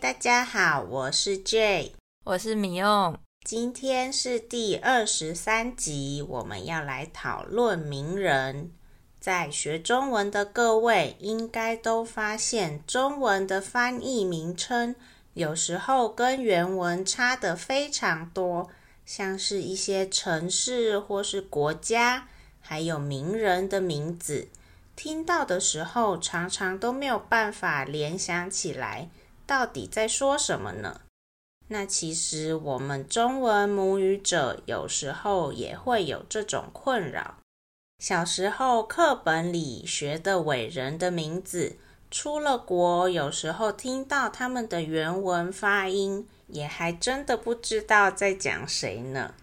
大家好，我是 Jay。我是 Mio。今天是第二十三集，我們要來討論名人。在學中文的各位，應該都發現中文的翻譯名稱有時候跟原文差得非常多，像是一些城市或是國家，還有名人的名字，聽到的時候常常都沒有辦法聯想起來。到底在說什麼呢？那其實我們中文母語者有時候也會有這種困擾。小時候課本裡學的偉人的名字，出了國，有時候聽到他們的原文發音，也還真的不知道在講誰呢。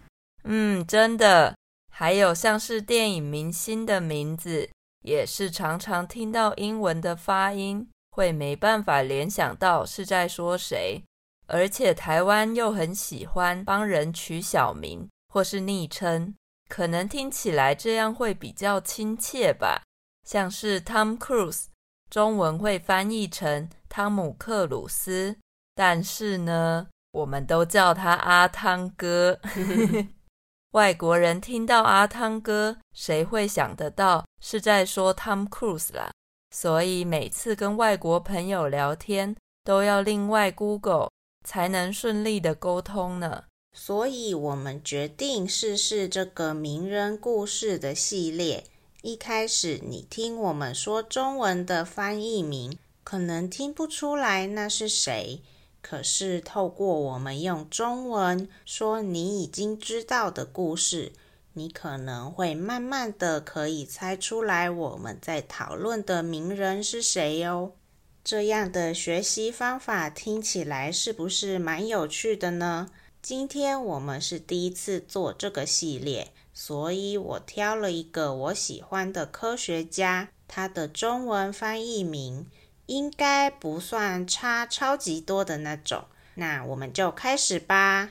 嗯，真的。還有像是電影明星的名字，也是常常聽到英文的發音。會沒辦法聯想到是在說誰，而且台灣又很喜歡幫人取小名或是昵稱，可能聽起來這樣會比較親切吧。像是 Tom Cruise，中文會翻譯成湯姆克魯斯，但是呢，我們都叫他阿湯哥。 外國人聽到阿湯哥，誰會想得到是在說 Tom Cruise 啦？所以每次跟外國朋友聊天，都要另外 Google 才能順利的溝通呢。所以我們決定試試這個名人故事的系列。一開始你聽我們說中文的翻譯名，可能聽不出來那是誰。可是透過我們用中文說，你已經知道的故事。你可能會慢慢的可以猜出來我們在討論的名人是誰哦。這樣的學習方法聽起來是不是蠻有趣的呢？今天我們是第一次做這個系列，所以我挑了一個我喜歡的科學家，他的中文翻譯名應該不算差，超級多的那種。那我們就開始吧。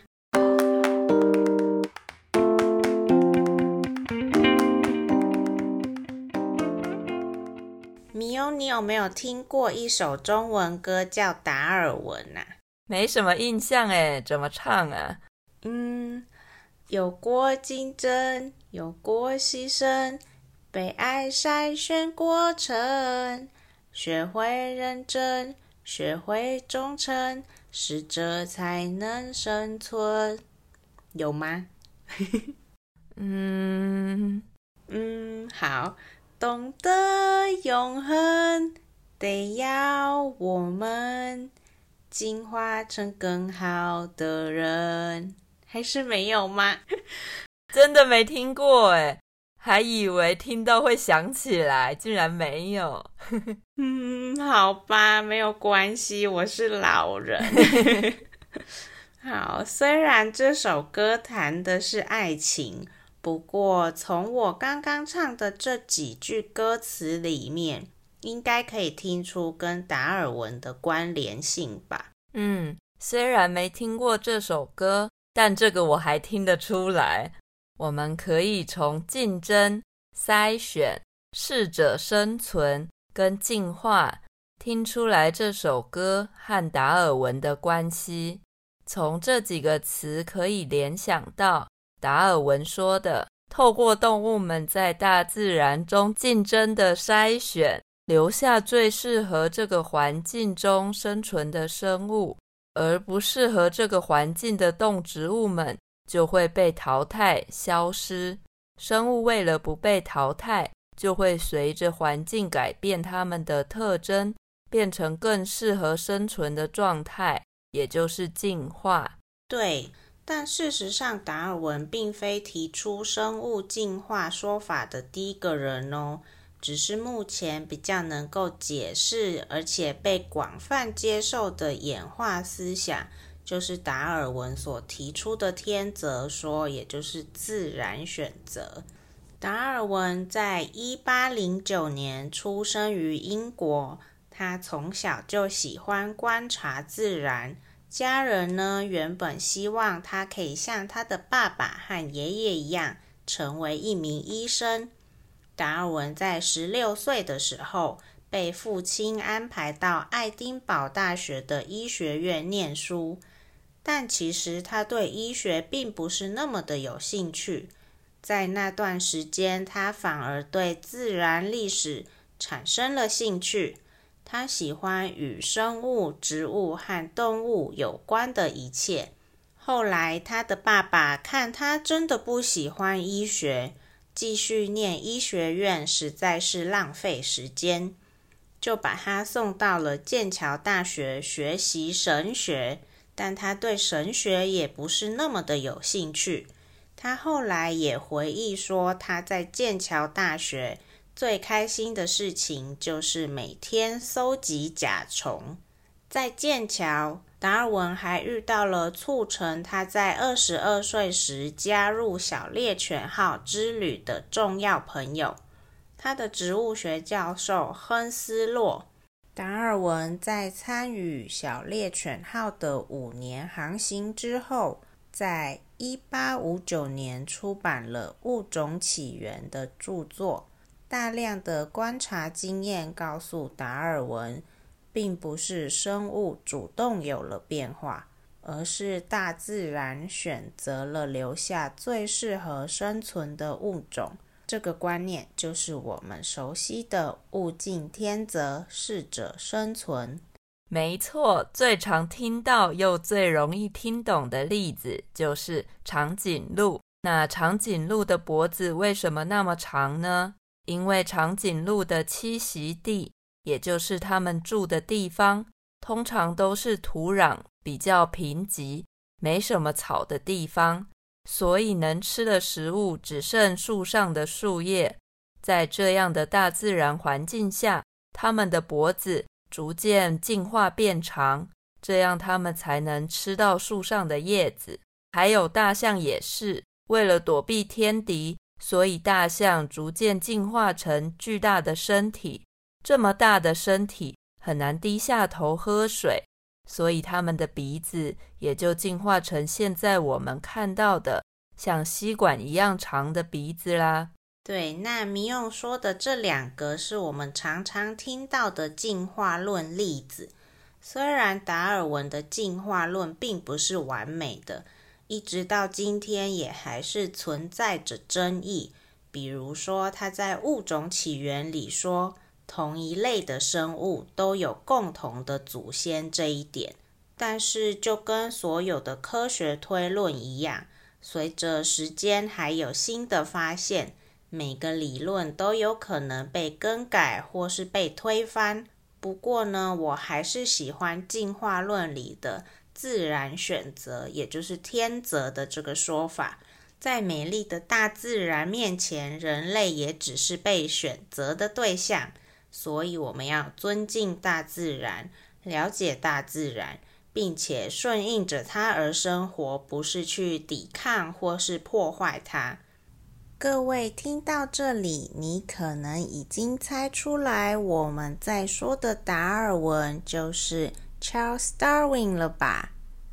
你有沒有聽過一首中文歌叫《達爾文》吶？沒什麼印象哎，怎麼唱啊？嗯，有過競爭，有過犧牲，被愛篩選過程，學會認真，學會忠誠，適者才能生存。有嗎？ 嗯嗯，好。懂得永恆，得要我們進化成更好的人，還是沒有嗎？ 真的沒聽過哎，還以為聽到會想起來，竟然沒有。 嗯，好吧，沒有關係，我是老人。 好，雖然這首歌談的是愛情。不過，從我剛剛唱的這幾句歌詞裡面，應該可以聽出跟達爾文的關聯性吧？嗯，雖然沒聽過這首歌，但這個我還聽得出來。我們可以從競爭、篩選、適者生存跟進化聽出來這首歌和達爾文的關係。從這幾個詞可以聯想到。達爾文說的：“透過動物們在大自然中競爭的篩選，留下最適合這個環境中生存的生物，而不適合這個環境的動植物們就會被淘汰、消失。生物為了不被淘汰，就會隨着環境改變它們的特徵，變成更適合生存的狀態，也就是進化。”對。但事實上，達爾文並非提出生物進化說法的第一個人哦。只是目前比較能夠解釋而且被廣泛接受的演化思想，就是達爾文所提出的天擇說，也就是自然選擇。達爾文在一八零九年出生於英國，他從小就喜歡觀察自然。家人呢，原本希望他可以像他的爸爸和爺爺一樣成為一名醫生。達爾文在十六歲的時候被父親安排到愛丁堡大學的醫學院念書，但其實他對醫學並不是那麼的有興趣。在那段時間，他反而對自然歷史產生了興趣。他喜歡與生物、植物和動物有關的一切。後來，他的爸爸看他真的不喜歡醫學，繼續念醫學院實在是浪費時間，就把他送到了劍橋大學學習神學。但他對神學也不是那麼的有興趣。他後來也回憶說，他在劍橋大學。最開心的事情就是每天搜集甲蟲。在劍橋，達爾文還遇到了促成他在二十二歲時加入小獵犬號之旅的重要朋友——他的植物學教授亨斯洛。達爾文在參與小獵犬號的五年航行之後，在一八五九年出版了《物種起源》的著作。大量的觀察經驗告訴達爾文，並不是生物主動有了變化，而是大自然選擇了留下最適合生存的物種。這個觀念就是我們熟悉的“物競天擇，適者生存”。沒錯，最常聽到又最容易聽懂的例子就是長頸鹿。那長頸鹿的脖子為什麼那麼長呢？因為長頸鹿的棲息地，也就是它們住的地方，通常都是土壤比較貧瘠、沒什麼草的地方，所以能吃的食物只剩樹上的樹葉。在這樣的大自然環境下，它們的脖子逐漸進化變長，這樣它們才能吃到樹上的葉子。還有大象也是，為了躲避天敵。所以大象逐漸進化成巨大的身體，這麼大的身體很難低下頭喝水，所以它們的鼻子也就進化成現在我們看到的像吸管一樣長的鼻子啦。對，那迷用說的這兩個是我們常常聽到的進化論例子，雖然達爾文的進化論並不是完美的。一直到今天，也還是存在着爭議。比如說，他在物種起源裡說，同一類的生物都有共同的祖先這一點。但是，就跟所有的科學推論一樣，隨着時間還有新的發現，每個理論都有可能被更改或是被推翻。不過呢，我還是喜歡進化論裡的。自然選擇，也就是天擇的這個說法，在美麗的大自然面前，人類也只是被選擇的對象。所以，我們要尊敬大自然，了解大自然，並且順應着它而生活，不是去抵抗或是破壞它。各位聽到這裡，你可能已經猜出來，我們在說的達爾文就是 Charles Darwin 了吧？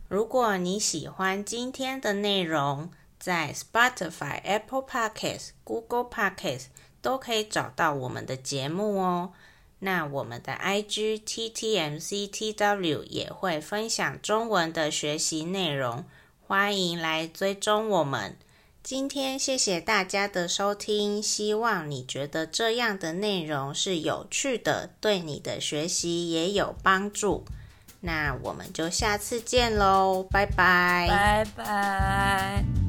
如果你喜歡今天的內容，在 Spotify、Apple Podcasts、Google Podcasts 都可以找到我們的節目哦。那我們的 IG T T M C T W 也會分享中文的學習內容，歡迎來追蹤我們。今天謝謝大家的收聽，希望你覺得這樣的內容是有趣的，對你的學習也有幫助。那我們就下次見嘍，拜拜，拜拜。